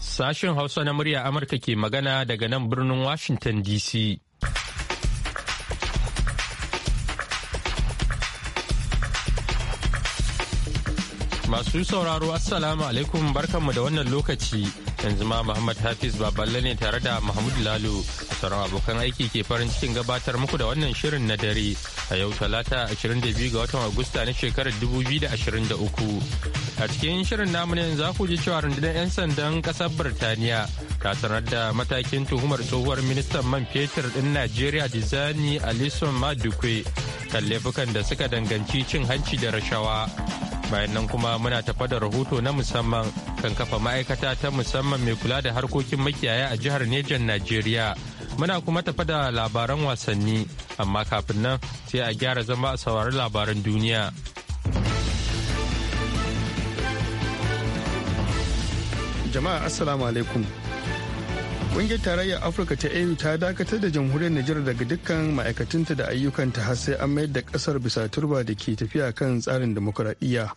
Sashen Hausa na murya Amurka ke magana daga nan birnin Washington DC. Masu sauraro Assalamu alaikum barkanmu da wannan lokaci. yanzu ma Muhammad Hafiz Baballe ne tare da Mahmud Lalo sauran abokan aiki ke farin cikin gabatar muku da wannan shirin na dare a yau talata 22 ga watan Agusta na shekarar 2023. A cikin shirin namu ne za ku ji cewa rundunar 'yan sandan kasar Birtaniya ta sanar da matakin tuhumar tsohuwar ministan man fetur din Najeriya Dizani Alison Madukwe kan laifukan da suka danganci cin hanci da rashawa. bayan nan kuma muna tafa da rahoto na musamman kan kafa ma'aikata ta musamman mai kula da harkokin makiyaya a jihar Nejan Najeriya. Muna kuma tafa da labaran wasanni, amma kafin nan sai a gyara zama a saurari labaran duniya. Jama'a Assalamu alaikum. Ƙungiyar Tarayyar Afirka ta AU ta dakatar da jamhuriyar Nijar daga dukkan ma'aikatanta da ayyukanta har sai an mayar da ƙasar bisa turba da ke tafiya kan tsarin demokuraɗiyya.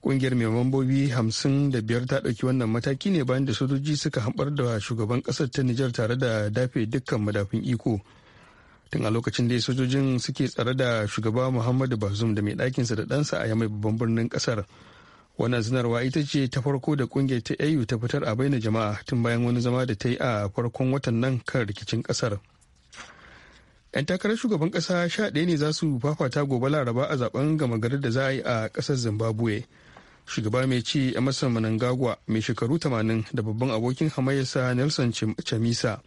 Ƙungiyar mai mambobi hamsin da biyar ta ɗauki wannan mataki ne bayan da sojoji suka hambar da shugaban ƙasar ta Nijar tare da dafe dukkan madafin iko. Tun a lokacin da sojojin suke tsare da shugaba Muhammadu Bazoum da mai ɗakinsa da ɗansa a yamai babban birnin ƙasar. wannan sanarwa ita ce ta farko da kungiyar ta au ta fitar a baina jama'a tun bayan wani zama da ta yi a farkon watan nan kan rikicin kasar yan takarar shugaban kasa sha ɗaya ne za su fafata gobe laraba a zaben gama garin da za a yi a kasar zimbabwe shugaba mai ci emerson manangagwa mai shekaru 80 da babban abokin hamayyarsa nelson chamisa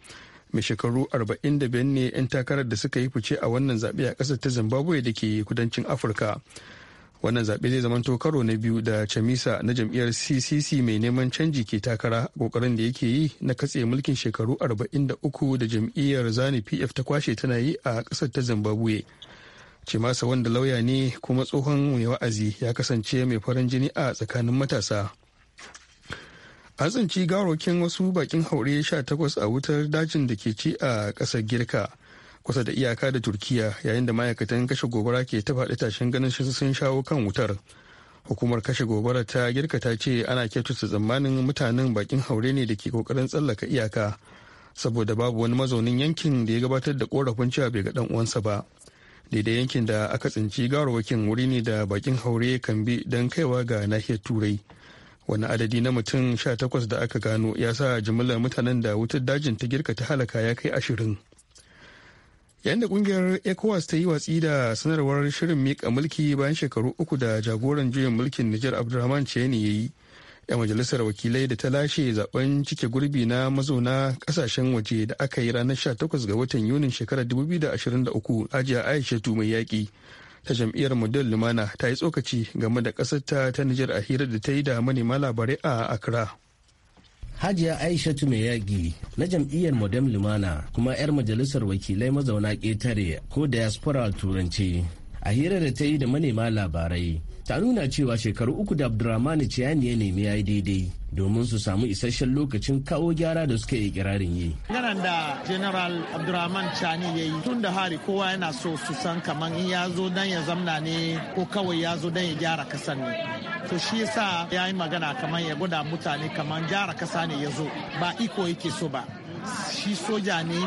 mai shekaru 45 ne 'yan takarar da suka yi fice a wannan zaɓe a ƙasar ta zimbabwe da ke kudancin afirka wannan zaɓe zai zamanto karo na biyu da chamisa na jam'iyyar ccc mai neman canji ke takara kokarin da yake yi na katse mulkin shekaru 43 da jam'iyyar zani pf ta kwashe tana yi a ƙasar ta zimbabwe cimasa wanda lauya ne kuma tsohon mai wa'azi ya kasance mai farin jini a tsakanin matasa an tsinci garokin wasu bakin haure 18 a wutar dajin da ke ci a ƙasar girka kusa da iyaka da turkiya yayin da ma'aikatan kashe gobara ke ta faɗi tashin ganin sun shawo kan wutar hukumar kashe gobara ta girka ta ce ana kyautata tsammanin mutanen bakin haure ne da ke kokarin tsallaka iyaka saboda babu wani mazaunin yankin da ya gabatar da korafin cewa bai ga dan uwansa ba daidai yankin da aka tsinci gawarwakin wuri ne da bakin haure kan bi don kaiwa ga nahiyar turai wani adadi na mutum 18 da aka gano ya sa jimillar mutanen da wutar dajin ta girka ta halaka ya kai ashirin yayin da kungiyar ecowas ta yi watsi da sanarwar shirin miƙa mulki bayan shekaru uku da jagoran juyin mulkin niger abdulrahman ne ya yi ya majalisar wakilai da ta lashe zaben cike gurbi na mazauna kasashen waje da aka yi ranar 18 ga watan yunin shekarar 2023 ajiya aisha mai yaƙi ta jam'iyyar model lumana ta yi tsokaci game da ƙasarta ta nijar a hira da ta yi da manema labarai a accra Hajiya Aisha Tumeyagi na jam'iyyar Modem Lumana kuma 'yar majalisar wakilai mazauna ƙetare ko diaspora turanci. A hira da ta yi da manema labarai, ta nuna cewa shekaru uku da abdurrahmanu ciyani ya nemi ya yi daidai domin su samu isasshen lokacin kawo gyara da suka yi kirarin yi. Ganan da General abdulrahman Chani ya yi tun da hari kowa yana so su san kamar in ya zo dan ya zamna ne ko kawai ya zo dan ya gyara kasar ne. To shi yasa ya yi magana kaman ya gwada mutane kaman gyara kasa ne ya zo ba iko yake so ba. Shi soja ne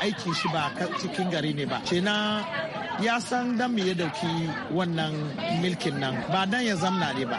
aikin shi ba cikin gari ne ba. na ya san dan me ya dauki wannan milkin nan ba dan ya zamna ne ba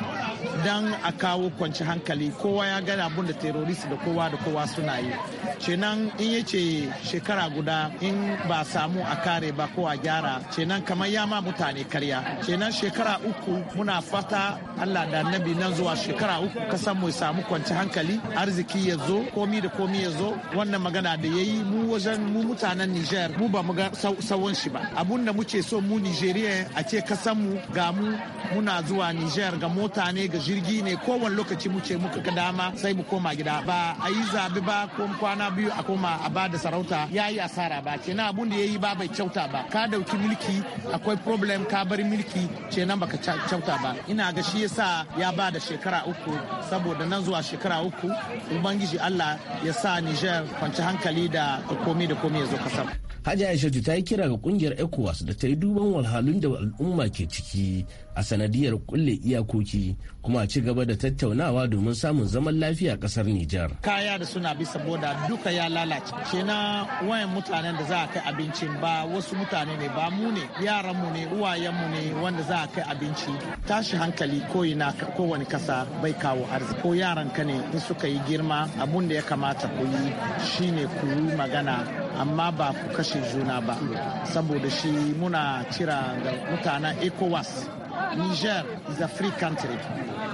don a kawo kwanci hankali kowa ya gada abun da terrorist da kowa da kowa suna yi kenan in ya ce shekara guda in ba samu a kare ba ko a gyara kenan kamar ya ma mutane karya kenan shekara uku muna fata allah da annabi nan zuwa shekara uku kasan mu samu kwanci hankali arziki ya zo komi da komi ya zo wannan magana da ya yi mu wajen mu mutanen niger mu ba mu ga sawon shi ba abun da muke so mu nigeria a ce kasan mu ga mu muna zuwa niger ga mota ne ga jirgi ne kowane lokaci muke muka ga dama sai mu koma gida ba a yi zabi ba ko kwana biyu a koma a ba da sarauta ya yi asara ba kenan abun da ya yi ba bai kyauta ba ka dauki mulki akwai problem ka bar mulki kenan baka kyauta ba ina ga shi yasa ya ba da shekara uku saboda nan zuwa shekara uku ubangiji Allah ya sa Niger kwanci hankali da komi da komai ya zo kasar Hajiya Aishatu ta yi kira ga kungiyar ECOWAS da ta yi duban walhalun da al'umma ke ciki a sanadiyar kulle iyakoki kuma a ci gaba da tattaunawa domin samun zaman lafiya kasar Nijar. Kaya da suna bi saboda duka ya lalace. Kenan wayan mutanen da za a kai abincin ba wasu mutane ne ba mu ne yaran mu ne uwayen mu ne wanda za a kai abinci. Tashi hankali ko ina kowane kasa bai kawo arziki. Ko yaran ka ne in suka yi girma abun da ya kamata ku yi shine ku yi magana amma ba ku kashe juna ba saboda shi muna cira ga mutanen ECOWAS niger is a free country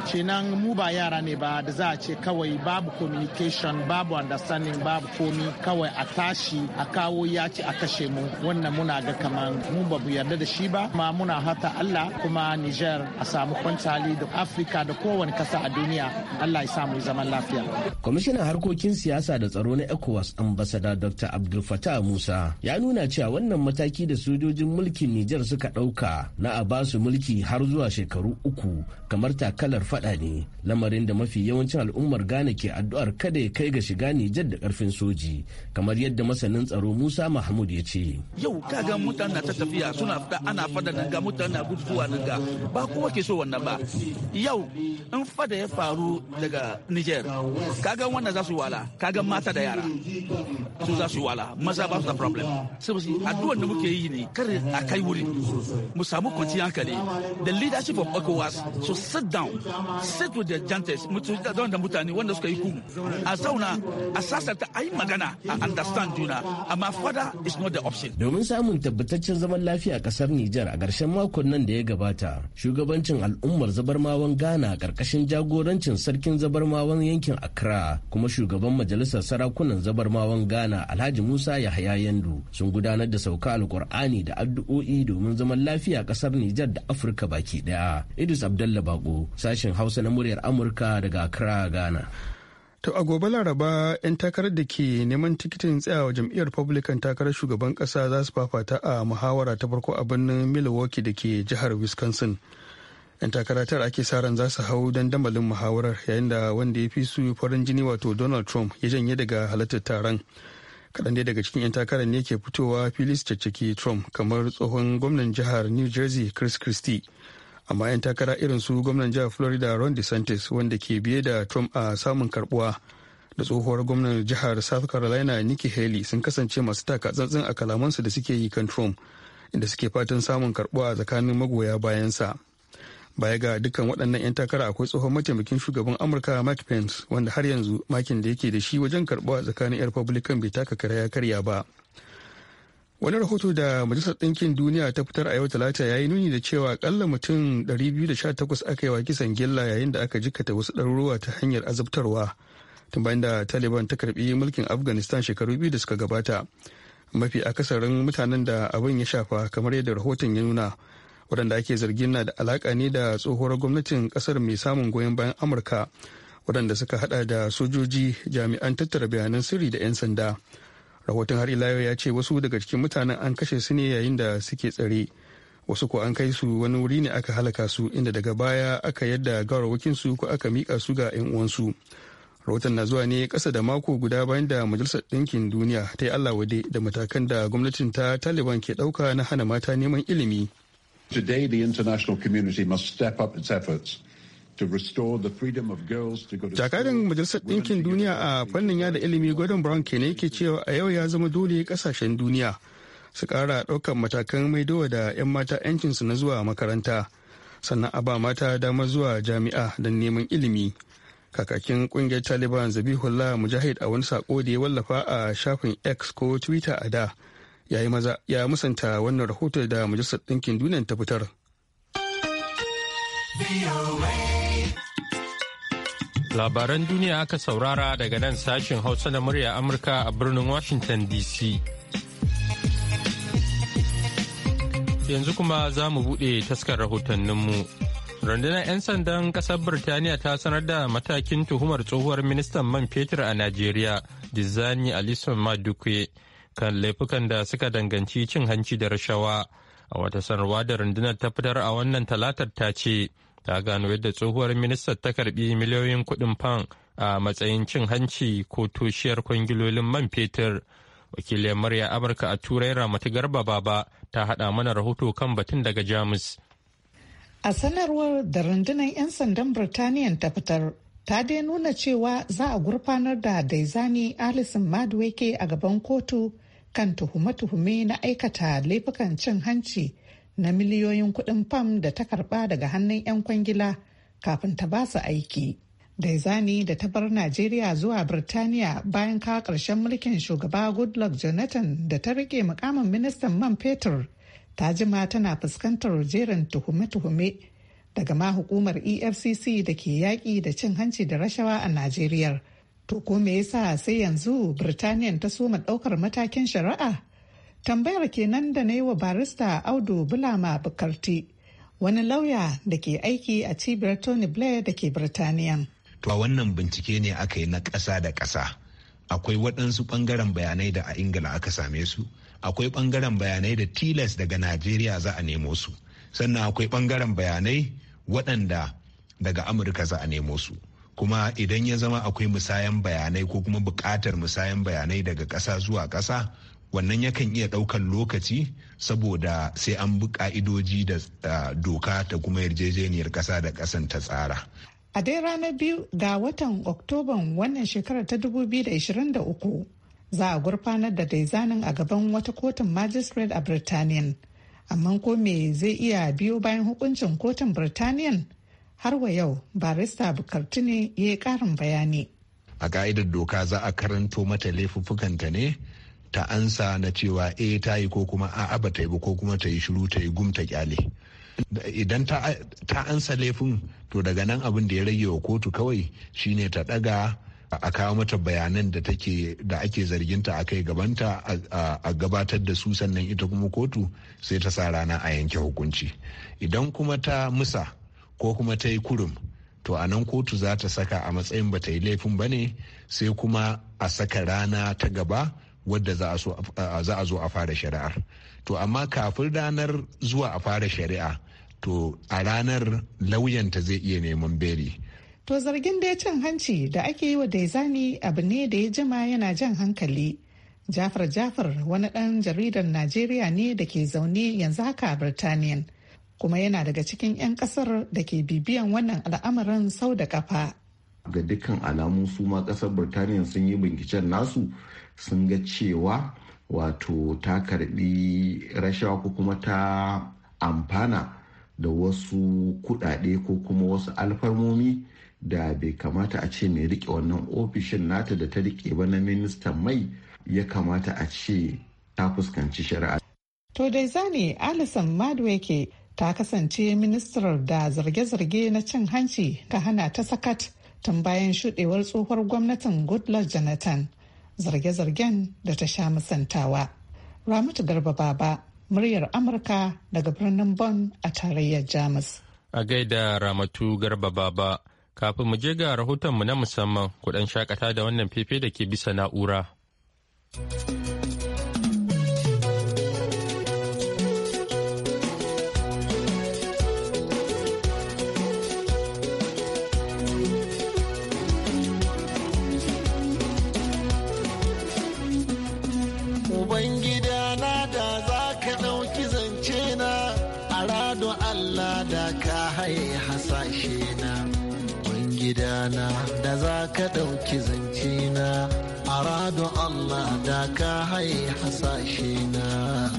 kenan mu ba yara ne ba da za a ce kawai babu communication babu understanding babu komi kawai a tashi a kawo ya ci a kashe mu wannan muna ga kaman mu ba bu yarda da shi ba kuma muna hata Allah kuma Niger a samu kwantali da Afirka da kowane kasa a duniya Allah ya samu zaman lafiya. Kwamishinan harkokin siyasa da tsaro na ECOWAS ambasada Dr. Abdul Fattah Musa ya nuna cewa wannan mataki da sojojin mulkin Niger suka ɗauka na a basu mulki har zuwa shekaru uku kamar takalar fada ne lamarin da mafi yawancin al'ummar ghana ke addu'ar kada ya kai ga shiga nijar da karfin soji kamar yadda masanin tsaro musa mahmud ya ce yau kaga mutane na ta tafiya suna fita ana fada nan ga mutane na guduwa nan ga ba kowa ke so wannan ba yau in fada ya faru daga nijar kaga wannan za su wala kaga mata da yara su za su wala maza ba su da problem saboda addu'ar da muke yi ne kar a kai wuri mu samu kwanciyar hankali the leadership of ECOWAS to sit down, sit with the jantes, don da mutane wanda suka yi ku, a zauna, a sasanta a yi magana, a understand juna, amma fada is not the option. Domin samun tabbataccen zaman lafiya a kasar Nijar a ƙarshen makon nan da ya gabata, shugabancin al'ummar zabarmawan Ghana ƙarƙashin jagorancin sarkin zabarmawan yankin Accra kuma shugaban majalisar sarakunan zabarmawan Ghana Alhaji Musa Yahaya Yandu sun gudanar da sauka alkur'ani da addu'o'i domin zaman lafiya a ƙasar Nijar da Afirka baki daya idris abdullahi bako sashen hausa na muryar amurka daga accra ghana To a gobe Laraba 'yan takarar da ke neman tikitin tsayawa jam'iyyar Republican takarar shugaban kasa za su fafata a muhawara ta farko a birnin Milwaukee da ke jihar Wisconsin. 'Yan takara tara ake sa ran za su hau dandamalin muhawarar yayin da wanda ya fi su farin jini wato Donald Trump ya janye daga halartar taron. kaɗan dai daga cikin 'yan takarar ne ke fitowa filis caccaki trump kamar tsohon gwamnan jihar new jersey chris christie amma 'yan takara irin su gwamnan jihar florida ron desantis wanda ke biye da trump a samun karbuwa da tsohuwar gwamnan jihar south carolina nikki haley sun kasance masu taka tsantsin a kalamansu da suke yi kan trump inda suke fatan samun karbuwa a tsakanin magoya bayansa. baya ga dukkan waɗannan 'yan takara akwai tsohon mataimakin shugaban amurka mike pence wanda har yanzu makin da yake da shi wajen karɓa a tsakanin 'yan republican bai taka kara ya karya ba wani rahoto da majalisar ɗinkin duniya ta fitar a yau talata ya yi nuni da cewa akalla mutum 218 aka yi wa kisan gilla yayin da aka jikata wasu ɗaruruwa ta hanyar azabtarwa tun bayan da taliban ta karɓi mulkin afghanistan shekaru biyu da suka gabata mafi akasarin mutanen da abin ya shafa kamar yadda rahoton ya nuna waɗanda ake zargin na da alaka ne da tsohuwar gwamnatin kasar mai samun goyon bayan amurka wadanda suka hada da sojoji jami'an tattara bayanan sirri da 'yan sanda rahoton har ila ya ce wasu daga cikin mutanen an kashe su ne yayin da suke tsare wasu ko an kai su wani wuri ne aka halaka su inda daga baya aka yadda gawarwakin su ko aka mika su ga 'yan uwansu rahoton na zuwa ne kasa da mako guda bayan da majalisar ɗinkin duniya ta yi allah wade da matakan da gwamnatin ta taliban ke ɗauka na hana mata neman ilimi Today, the international community must step up its efforts Jakadan Majalisar Ɗinkin Duniya a fannin yada ilimi Gordon Brown ke ne ke cewa a yau ya zama dole kasashen duniya su ƙara ɗaukar matakan maidowa da 'yan mata 'yancinsu na zuwa makaranta sannan a ba mata damar zuwa jami'a don neman ilimi. Kakakin ƙungiyar Taliban Zabihullah Mujahid a wani sako da ya wallafa a shafin X ko Twitter a da. ya maza ya musanta wannan rahoton da majalisar ɗinkin duniya ta fitar. Labaran duniya aka saurara daga nan sashen Hausa na murya Amurka a birnin Washington DC. Yanzu kuma za mu buɗe taskar rahotanninmu. Rundunar 'yan sandan ƙasar Birtaniya ta sanar da matakin tuhumar tsohuwar ministan man fetur a Najeriya, Dizani Alison Maduke. kan laifukan da suka danganci cin hanci da rashawa a wata sanarwa da rundunar ta fitar a wannan talatar ta ce ta gano yadda tsohuwar ministar ta karbi miliyoyin kuɗin fan a matsayin cin hanci ko toshiyar kwangilolin man fetur wakilin murya amurka a turai ramatu garba baba ta haɗa mana rahoto kan batun daga jamus a sanarwar da rundunar 'yan sandan birtaniyan ta fitar ta dai nuna cewa za a gurfanar da daizani alison madweke a gaban kotu kan tuhume-tuhume na aikata laifukan cin hanci na miliyoyin kuɗin fam da ta karɓa daga hannun 'yan kwangila kafin ta ba su aiki. Daizani da ta bar Najeriya zuwa Birtaniya bayan kawo ƙarshen mulkin shugaba Goodluck Jonathan da ta rike mukamin ministan man fetur ta jima tana fuskantar jerin tuhume-tuhume daga ma hukumar EFCC da ke yaƙi da cin hanci da rashawa a Najeriya To ko me yasa sai yanzu Birtaniyan ta soma ɗaukar matakin shari'a? Tambayar kenan da na yi wa barista Audu Bulama Bukarti, wani lauya da ke aiki a cibiyar Tony Blair da ke birtaniya. To wannan bincike ne aka yi na ƙasa da ƙasa. Akwai waɗansu bangaren bayanai da a Ingila aka same su, akwai bangaren bayanai da tilas daga Najeriya za a nemo su, sannan akwai bangaren bayanai waɗanda daga Amurka za a nemo su. kuma idan ya zama akwai musayan bayanai ko kuma bukatar musayan bayanai daga ƙasa zuwa ƙasa wannan yakan iya ɗaukar lokaci saboda sai an bi ƙa'idoji da doka ta kuma yarjejeniyar ƙasa da ƙasan ta tsara a dai ranar biyu ga watan oktoban wannan shekarar ta 2023 za a gurfanar da daizanin a gaban wata kotun magistrate a birtaniyan amma ko me zai iya biyo bayan hukuncin kotun Birtaniyan? har wa yau barista bukartu ne ya yi karin bayani a ka'idar doka za a karanto mata laifuffukanta ne ta ansa na cewa e ta yi ko kuma a ba ta yi ba ko kuma ta yi shiru ta yi gumta kyale idan ta ansa laifin to daga nan abin da ya rage wa kotu kawai shine ta daga a kawo mata bayanan da take da ake zarginta a kai gabanta a gabatar da su sannan ita kuma kotu sai ta sa rana a yanke hukunci idan kuma ta musa ko kuma ta yi kurum to a nan kotu za ta saka a matsayin ba ta yi laifin ba ne sai kuma a saka rana ta gaba wadda za a zo a fara shari'ar to amma kafin ranar zuwa a fara shari'a to a ranar lauyanta zai iya neman beri to zargin da cin hanci da ake yi wa daizani abu ne da ya jima yana jan hankali jafar jafar wani dan jaridar najeriya ne da ke zaune yanzu haka a birtaniya kuma yana daga cikin 'yan kasar da ke bibiyan wannan al'amarin sau da kafa. ga dukkan alamu su ma kasar birtaniya sun yi binciken nasu sun ga cewa wato ta karbi rashawa ko kuma ta amfana da wasu kudade ko kuma wasu alfarmomi da bai kamata a ce mai rike wannan ofishin nata da ta rike ba na ministan mai ya kamata a ce ta fuskanci shari'a. To dai zane Alison yake. ta kasance ministar da zarge-zarge na cin hanci ta hana ta sakat tun bayan shuɗewar tsohuwar gwamnatin goodluck jonathan zarge-zargen da ta sha musantawa ramatu garba baba muryar amurka daga birnin Bon a tarayyar jamus a gaida ramatu garba baba kafin mu je ga rahotonmu na musamman kudan shakata da wannan fefe da ke bisa na'ura. rana da za ka ɗauki zance na a rado Allah da ka hai hasashe na.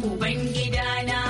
Ubangidana.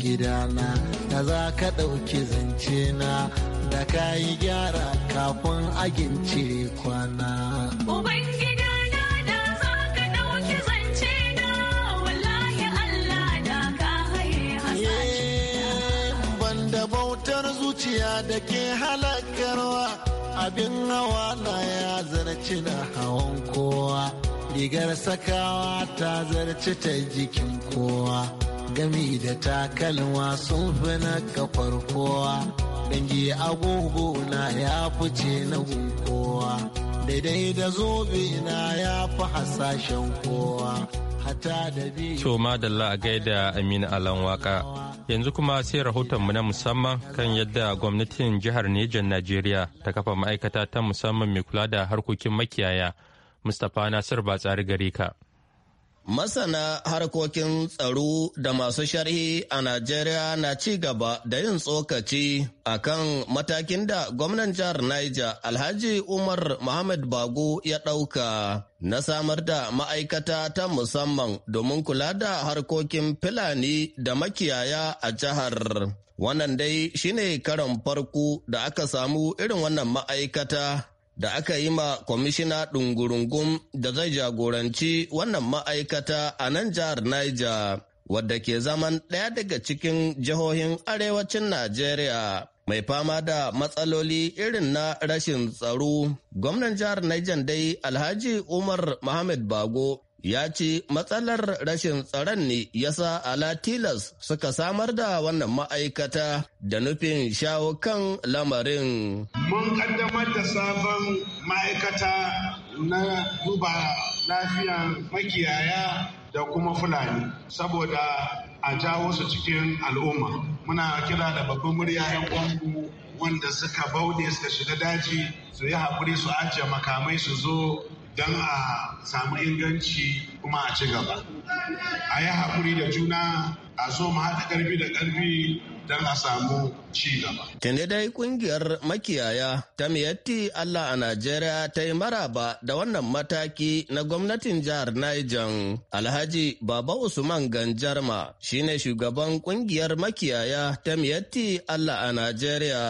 gidana da za ka ɗauki zance na da ka yi gyara kafin agin cire kwana. Eh, bautar zuciya da ke halakarwa abin hawa na ya zarci na hawan kowa rigar sakawa ta zarci ta jikin kowa gami da takalma sun fi na kafar kowa dangi agogo na ya fice na kowa daidai da zobe na ya fi hasashen kowa hata da biyu to madalla a gaida amina alan waka yanzu kuma sai rahoton mu na musamman kan yadda gwamnatin jihar Nejan Najeriya ta kafa ma'aikata ta musamman mai kula da harkokin makiyaya Mustapha Nasir tsari gare ka. Masana harkokin tsaro da masu sharhi a Najeriya na ci gaba da yin tsokaci a kan matakin da gwamnan jihar Niger Alhaji Umar Muhammad Bago ya ɗauka na samar da ma'aikata ta musamman domin kula da harkokin Fulani da makiyaya a jihar. Wannan dai shine karon farko da aka samu irin wannan ma'aikata da aka yi ma kwamishina ɗungurungun da zai jagoranci wannan ma'aikata a nan jihar Niger, wadda ke zaman ɗaya daga cikin jihohin arewacin Najeriya. Mai fama da matsaloli irin na rashin tsaro, gwamnan jihar Niger dai Alhaji Umar Mohammed Bago ya ce matsalar rashin tsaron ne yasa ala tilas suka samar da wannan ma'aikata da nufin shawo kan lamarin. Mun kaddamar da sabon ma'aikata na duba lafiyan makiyaya da kuma fulani saboda a jawo su cikin al'umma. Muna kira da babban murya 'yan kwanku wanda suka bauɗe suka shiga daji su yi haƙuri su ajiye makamai su zo don a samu inganci kuma a ci gaba a yi haƙuri da juna a so mu haɗa ƙarfi da ƙarfi don a samu ci gaba. Tende dai kungiyar makiyaya ta miyatti Allah a Najeriya ta yi maraba da wannan mataki na gwamnatin jihar Niger. Alhaji Baba Usman Ganjarma shine shugaban kungiyar makiyaya ta miyatti Allah a Najeriya.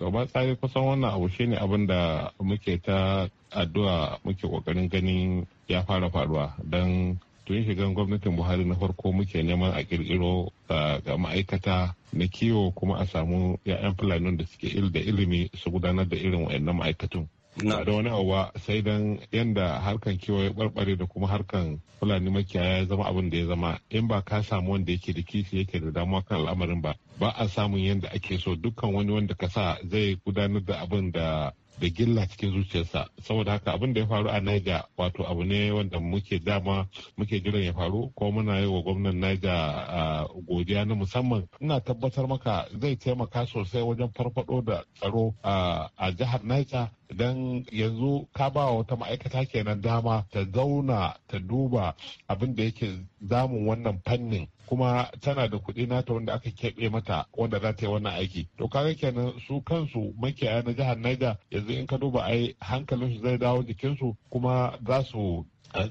Gaba tsari kusan wannan abu shine abin da muke ta addu'a muke kokarin ganin ya fara faruwa don tun shigan gwamnatin buhari na farko muke neman a kirkiro ga ma'aikata na kiwo kuma a samu 'ya'yan fulanin da suke il da ilimi su gudanar da irin wa'annan ma'aikatun na da wani awa sai dan yanda harkan kiwo ya barbare da kuma harkan fulani makiyaya ya zama abin da ya zama in ba ka samu wanda yake da kishi yake da damuwa kan al'amarin ba ba a samun yadda ake so dukkan wani wanda ka sa zai gudanar da abin da da gilla cikin zuciyarsa saboda haka abin da ya faru a Niger wato abu ne wanda muke dama muke jiran ya faru ko muna yi wa gwamnan Niger godiya na musamman ina tabbatar maka zai taimaka sosai wajen farfado da tsaro a jihar Niger Idan yanzu ka ba wata ma'aikata kenan dama ta zauna ta duba abin da yake damun wannan fannin kuma tana da kuɗi nata wanda aka keɓe mata wanda za ta yi wannan aiki to kaga kenan su kansu makiyaya na jihar Niger yanzu in ka duba ai hankalinsu zai dawo jikinsu kuma za su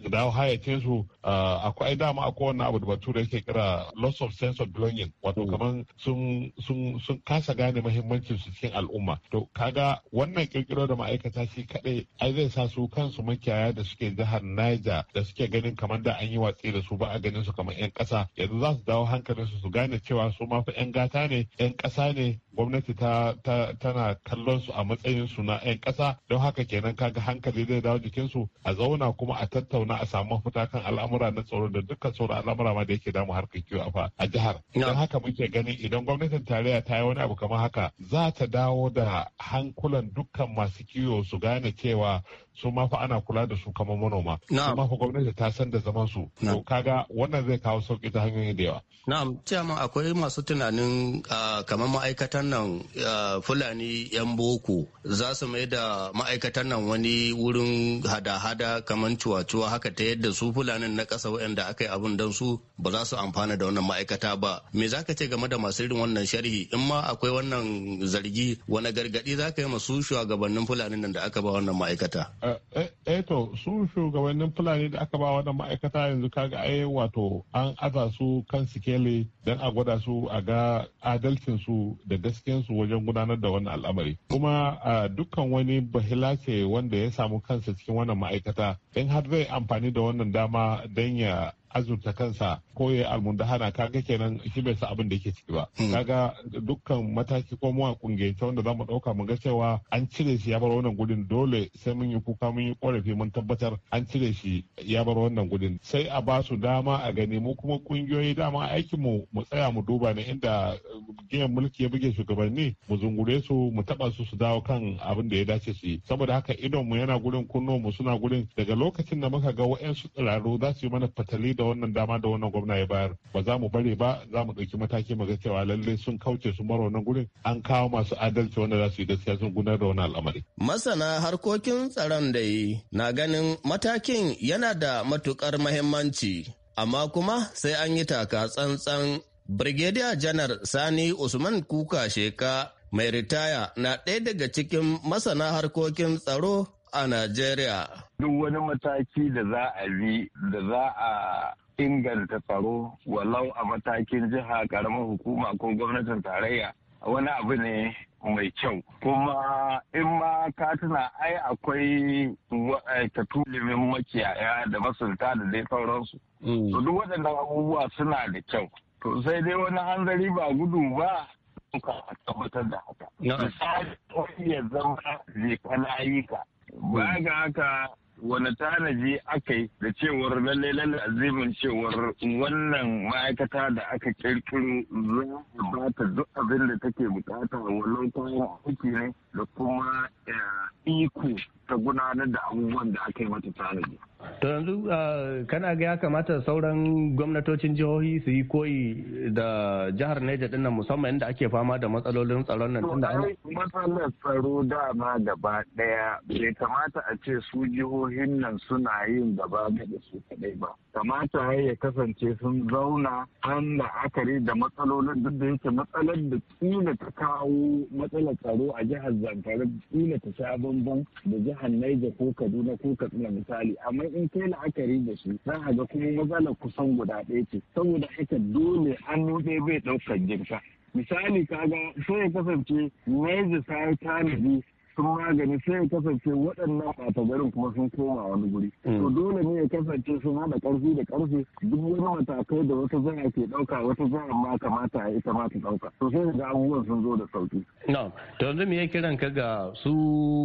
dawo hayyacin su akwai dama akwai wani abu da bature yake kira loss of sense of belonging wato mm. kamar sun kasa gane mahimmancin su cikin al'umma to kaga wannan kirkiro da ma'aikata shi kadai ai zai sa su kansu makiyaya da suke jihar Niger da suke ganin kamar da an yi watsi da su ba a ganin su kamar yan kasa yanzu za su dawo hankalin su su gane cewa su ma fa yan gata ne yan kasa ne gwamnati ta tana kallon su a matsayin su na 'yan ƙasa don haka kenan kaga hankali zai dawo jikin su a zauna kuma a tattauna a samu mafita kan al'amura na tsaro da dukkan sauran al'amura ma da yake damu harkar kiwo a jihar don haka muke gani idan gwamnatin tarayya ta yi wani abu kamar haka za ta dawo da hankulan dukkan masu kiwo su gane cewa su ma fa ana kula da su kamar manoma su ma fa gwamnati ta san da zaman su to kaga wannan zai kawo sauki ta hanyoyi da yawa na'am cewa akwai masu tunanin ah, kamar ma'aikatan nan ah, fulani yan boko za su mai da ma'aikatan nan wani wurin hada-hada kamar cuwa-cuwa haka ta yadda su fulanin na ƙasa waɗanda aka yi abin don su ba za su amfana da wannan ma'aikata ba me za ka ce game da masu irin wannan sharhi in ma akwai wannan zargi wani gargaɗi za ka yi masu shugabannin fulanin nan da aka ba wannan ma'aikata Eh, eh, eh to su shugabannin fulani da aka ba wa ma'aikata yanzu kaga ai wato an aza su kan sikele don a gwada su a ga adalcin su da gaskiyan su wajen gudanar da wannan al'amari kuma dukkan wani bahila ce wanda ya samu kansa cikin wannan ma'aikata in har zai amfani da wannan dama dan ya azurta kansa ko ya hana kaga kenan shi bai sa abin da yake ciki ba hmm. kaga dukkan mataki ko mu a kungiyance wanda zamu dauka mu ga cewa an cire shi ya bar wannan gudun dole sai mun yi kuka mun yi korafi mun tabbatar an cire shi ya bar wannan gudun sai a ba su dama a gani mu kuma kungiyoyi dama aikin mu mu tsaya mu duba ne inda uh, giyan mulki ya buge shugabanni mu zungure su mu taba su su dawo kan abin da ya dace su yi saboda haka idon mu yana gurin kunno mu suna gurin daga lokacin da muka ga wa'yansu tsiraru za su yi mana fatali da wannan dama da wannan gwamna ya bayar ba za mu bare ba za mu ɗauki mataki mu ga cewa lalle sun kauce su mara wannan gurin an kawo masu adalci wanda za su yi gaskiya sun gudanar da wani al'amari. Masana harkokin tsaron da yi na ganin matakin yana da matukar mahimmanci amma kuma sai an yi taka tsantsan Brigadier Janar Sani Usman Kuka Sheka mai ritaya na ɗaya daga cikin masana harkokin tsaro a Najeriya. Duk wani mataki da za a bi da za a inganta tsaro walau a matakin jiha karamar hukuma ko gwamnatin tarayya wani abu ne mai kyau kuma in ma ka tuna ai akwai wa'aikatu limin makiyaya da masulta da dai sauransu mm. to duk waɗannan abubuwa suna da kyau to sai dai wani hanzari ba gudu ba suka tabbatar da haka misali ya zama zai kwana ayyuka Baya ga haka wani tanaji aka yi da cewar lallai lallai azimin cewar wannan ma'aikata da aka kirkiro za a ba ta duk abin da take bukata wani kayan aiki ne da kuma eh, iko ta gudanar da abubuwan da aka yi mata tanaji. To yanzu ah, kana ga ya kamata sauran gwamnatocin jihohi su yi koyi da jihar Neja dinnan musamman inda ake fama da matsalolin tsaron nan tunda matsalar tsaro dama gaba daya bai kamata a ce su jihohi jihohin nan suna yin gaba da su kadai ba kamata ya kasance sun zauna an la'akari da matsalolin duk da yake matsalar da tsina ta kawo matsalar tsaro a jihar zamfara tsina ta sha bambam da jihar Niger ko kaduna ko katsina misali amma in kai la'akari da shi za a ga kuma matsalar kusan guda ɗaya ce saboda haka dole an nuɗe bai ɗaukar jinka misali kaga sai ya kasance naija ta yi tanadi sun magani sai ya kasance waɗannan ɓata garin kuma sun koma wani guri. Mm. To dole ne ya kasance sun haɗa ƙarfi da ƙarfi duk wani matakai da wata zaya ke ɗauka wata zaya ma kamata a ita ma ta ɗauka. To sai ga abubuwan sun zo da sauƙi. Na, to yanzu me ya kiran ka ga su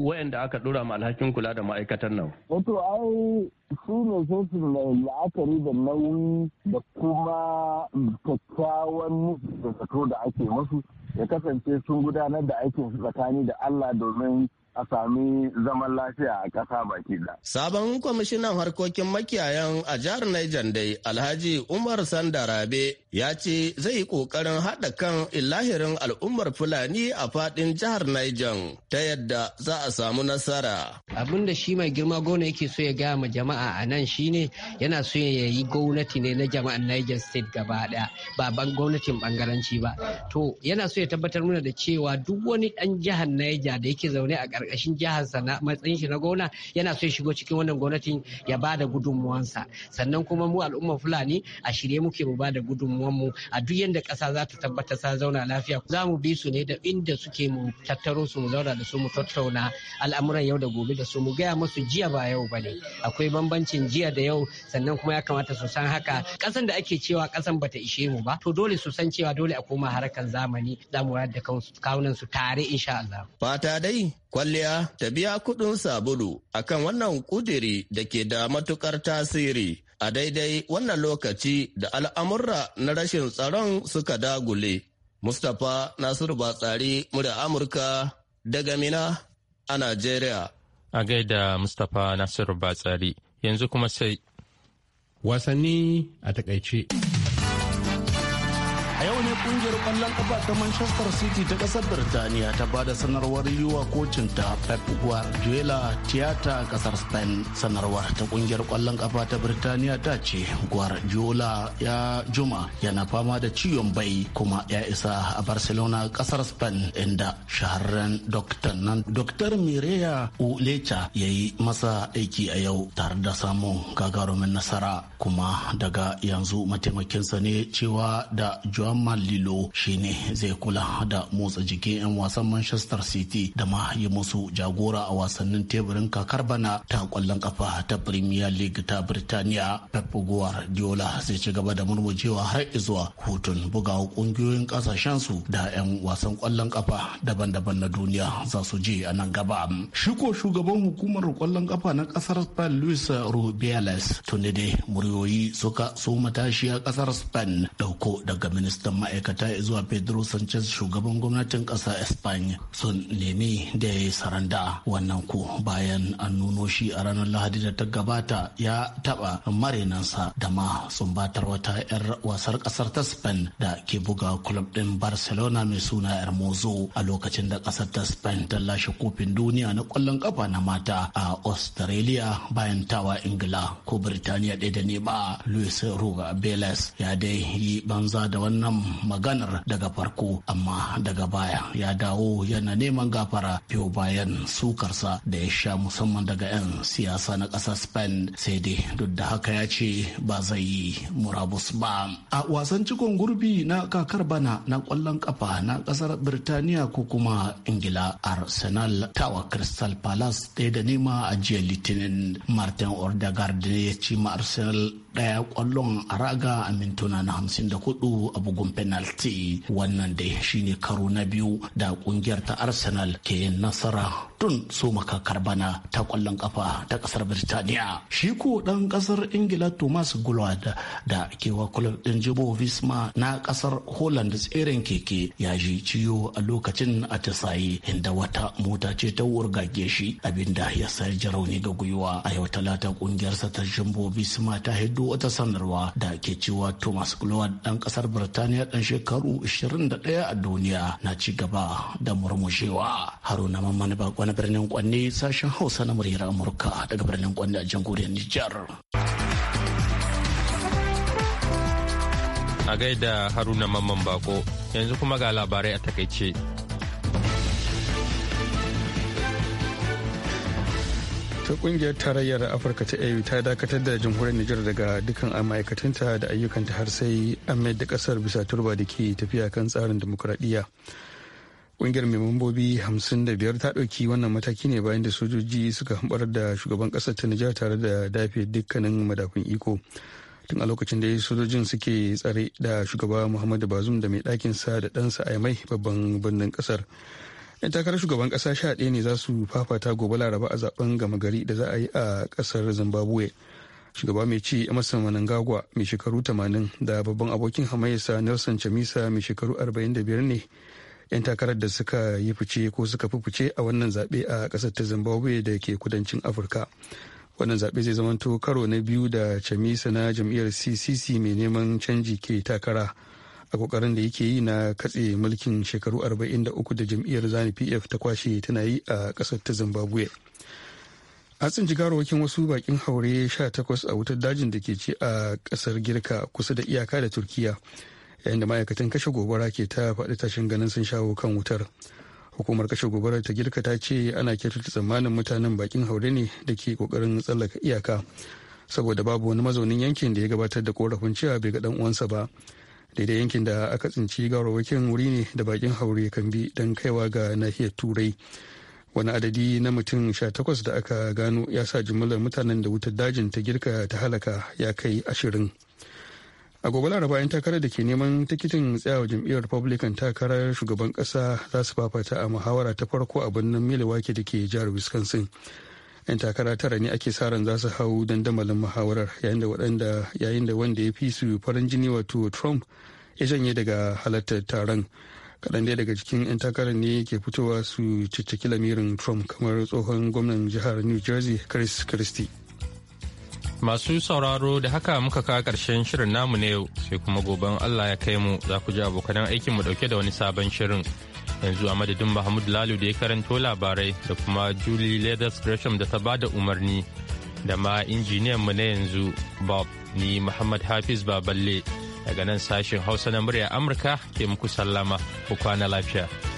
waɗanda aka ɗora ma alhakin kula da ma'aikatan nan? Wato eh ai su ne sai su la'akari da nauyi da kuma kyakkyawan da sato da ake musu ya kasance sun gudanar da aikin su tsakani da Allah domin a sami zaman lafiya a ƙasa baki da. Sabon kwamishinan harkokin makiyayan a jihar Niger dai Alhaji Umar Sandarabe ya ce zai yi ƙoƙarin haɗa kan ilahirin al'ummar Fulani a faɗin jihar Niger ta yadda za a samu nasara. Abin da shi mai girma gona yake so ya gaya ma jama'a a nan shine yana so ya yi gwamnati ne na jama'an Niger State gaba ɗaya ba ban gwamnatin bangaranci ba. To yana so ya tabbatar mana da cewa duk wani ɗan jihar Niger da yake zaune a karkashin jihar sana na matsayin shi na gona yana so ya shigo cikin wannan gwamnatin ya ba da gudunmuwansa sannan kuma mu al'umma fulani a shirye muke mu ba da mu a duk yanda kasa za ta tabbatar sa zauna lafiya za mu bi su ne da inda suke mu tattaro su mu zauna da su mu tattauna al'amuran yau da gobe da su mu gaya musu jiya ba yau bane akwai bambancin jiya da yau sannan kuma ya kamata su san haka kasan da ake cewa kasan bata ishe mu ba to dole su san cewa dole a koma harkan zamani za mu da kawunan su tare insha Allah. Fata dai kwalliya ta biya kudin sabulu akan wannan kudiri da ke da matukar tasiri a daidai wannan lokaci da al'amurra na rashin tsaron suka dagule. Mustapha Nasiru Batsari murya Amurka daga Mina a Najeriya. A gaida Mustapha Nasiru Batsari yanzu kuma sai. Wasanni a takaice. kungiyar kwallon kafa ta manchester city ta kasar birtaniya ta ba da sanarwar yiwa kocinta pep guardiola tiyata kasar spain sanarwar ta kungiyar kwallon kafa ta birtaniya ta ce guardiola ya juma yana fama da ciwon bai kuma ya isa a barcelona kasar spain inda shahararren doktan nan dr. mireya ulecha ya yi masa aiki a yau tare da samun gagarumin nasara kuma daga yanzu mataimakinsa ne cewa da joan Bello shine zai kula da motsa jikin 'yan wasan Manchester City da ma yi musu jagora a wasannin teburin kakar bana ta kwallon kafa ta Premier League ta Birtaniya. Pep Guardiola zai ci gaba da murmujewa har zuwa hutun bugawa kungiyoyin su, da 'yan wasan kwallon kafa daban-daban na duniya za su je a nan gaba. Shiko shugaban hukumar kwallon kafa na kasar Spain Luis Rubiales tuni dai muryoyi suka so matashi a kasar Spain dauko daga ministan ma'aikata ma'aikata zuwa pedro sanchez shugaban gwamnatin ƙasa espanya sun nemi da ya yi saranda wannan ku bayan an nuno shi a ranar lahadi da ta gabata ya taɓa marinansa da ma sumbatar wata 'yar wasar ƙasar ta spain da ke buga club ɗin barcelona mai suna hermoso a lokacin da ƙasar ta spain ta lashe kofin duniya na ƙwallon ƙafa na mata a australia bayan tawa ingila ko Britaniya ɗaya da ne ba luis ruga beles ya dai yi banza da wannan maganar daga farko amma daga baya ya dawo yana neman gafara biyo bayan sukarsa da ya sha musamman daga 'yan siyasa na ƙasar spain sai dai duk da haka ya ce ba zai yi murabus ba a wasan cikon gurbi na kakar bana na ƙwallon kafa na ƙasar birtaniya ko kuma ingila arsenal tawa crystal palace ɗaya da nema a jiya litinin martin ordegaard ne ya ci ma arsenal ɗaya ƙwallon a raga a mintuna na hamsin da hudu a bugun penalti. wannan dai shine karo na biyu da ƙungiyar ta arsenal ke yin nasara tun so makakar bana ta kwallon kafa ta kasar birtaniya shi ko dan kasar ingila thomas gullard da kewa club din jibo visma na kasar holland tseren keke ya ji ciyo a lokacin atisaye inda wata mota ce ta wurgage shi abinda ya sayar jarauni ga gwiwa a yau talata kungiyarsa ta jimbo visma ta hidu duk wata sanarwa da ke cewa Thomas Glover dan kasar Birtaniya dan shekaru 21 a duniya na ci gaba da murmushewa. Haruna Mamman Ba na birnin Kwanne sashen Hausa na muryar Amurka daga birnin Kwanne a jamhuriyar Nijar. A gaida Haruna Mamman Bako yanzu kuma ga labarai a takaice. ta kungiyar tarayyar afirka ta au ta dakatar da jamhuriyar nijar daga dukkan ma'aikatanta da ayyukanta har sai an mayar da kasar bisa turba da ke tafiya kan tsarin demokuraɗiyya kungiyar mai mambobi 55 ta ɗauki wannan mataki ne bayan da sojoji suka hambar da shugaban ƙasar ta nijar tare da dafe dukkanin madafun iko tun a lokacin da sojojin suke tsare da shugaba muhammadu bazum da mai ɗakin sa da ɗansa aimai babban birnin ƙasar. kasar 'yan takarar shugaban kasa sha ɗaya ne za su fafata gobe laraba a zaben gama gari da za a yi a kasar zimbabwe shugaba mai ci emerson gagwa mai shekaru 80 da babban abokin hamayyarsa nelson chamisa mai shekaru 45 ne 'yan takarar da suka yi fice ko suka fi fice a wannan zaɓe a ƙasar ta zimbabwe da ke kudancin afirka wannan zaɓe zai zamanto karo na biyu da chamisa na jam'iyyar ccc mai neman canji ke takara a kokarin da yake yi na katse mulkin shekaru 43 da jam'iyyar zani pf ta kwashe tana yi a kasar ta zimbabwe a tsinci wasu bakin haure 18 a wutar dajin da ke ci a kasar girka kusa da iyaka da turkiya yayin da ma'aikatan kashe gobara ke ta faɗi tashin ganin sun shawo kan wutar hukumar kashe gobara ta girka ta ce ana kyautata tsammanin mutanen bakin haure ne da ke kokarin tsallaka iyaka saboda babu wani mazaunin yankin da ya gabatar da korafin cewa bai ga dan uwansa ba daidai yankin da aka tsinci gawarwakin wuri ne da bakin haure kan bi don kaiwa ga nahiyar turai wani adadi na mutum 18 da aka gano ya sa jimillar mutanen da wutar dajin ta girka ta halaka ya kai ashirin a gobe laraba 'yan takarar da ke neman tikitin tsayawa jam'iyyar republican takarar shugaban kasa za su fafata a muhawara ta farko a birnin milwaukee da ke jihar wisconsin 'yan takara tara ne ake sa ran za su hau dandamalin muhawarar yayin da wanda ya fi su farin jini wato trump ya janye daga halartar taron kaɗan dai daga cikin 'yan takarar ne ke fitowa su cicciki lamirin trump kamar tsohon gwamnan jihar new jersey chris christie masu sauraro da haka muka kawo karshen shirin namu ne yau sai kuma goben allah ya kai mu za ku ji abokanan aikinmu dauke da wani sabon shirin yanzu a madadin mahmud lalu da ya karanto labarai da kuma julie leathers gresham da ta ba da umarni da ma injiniyan mu na yanzu bob ni muhammad hafiz baballe daga nan sashen hausa na murya amurka ke muku sallama ku kwana lafiya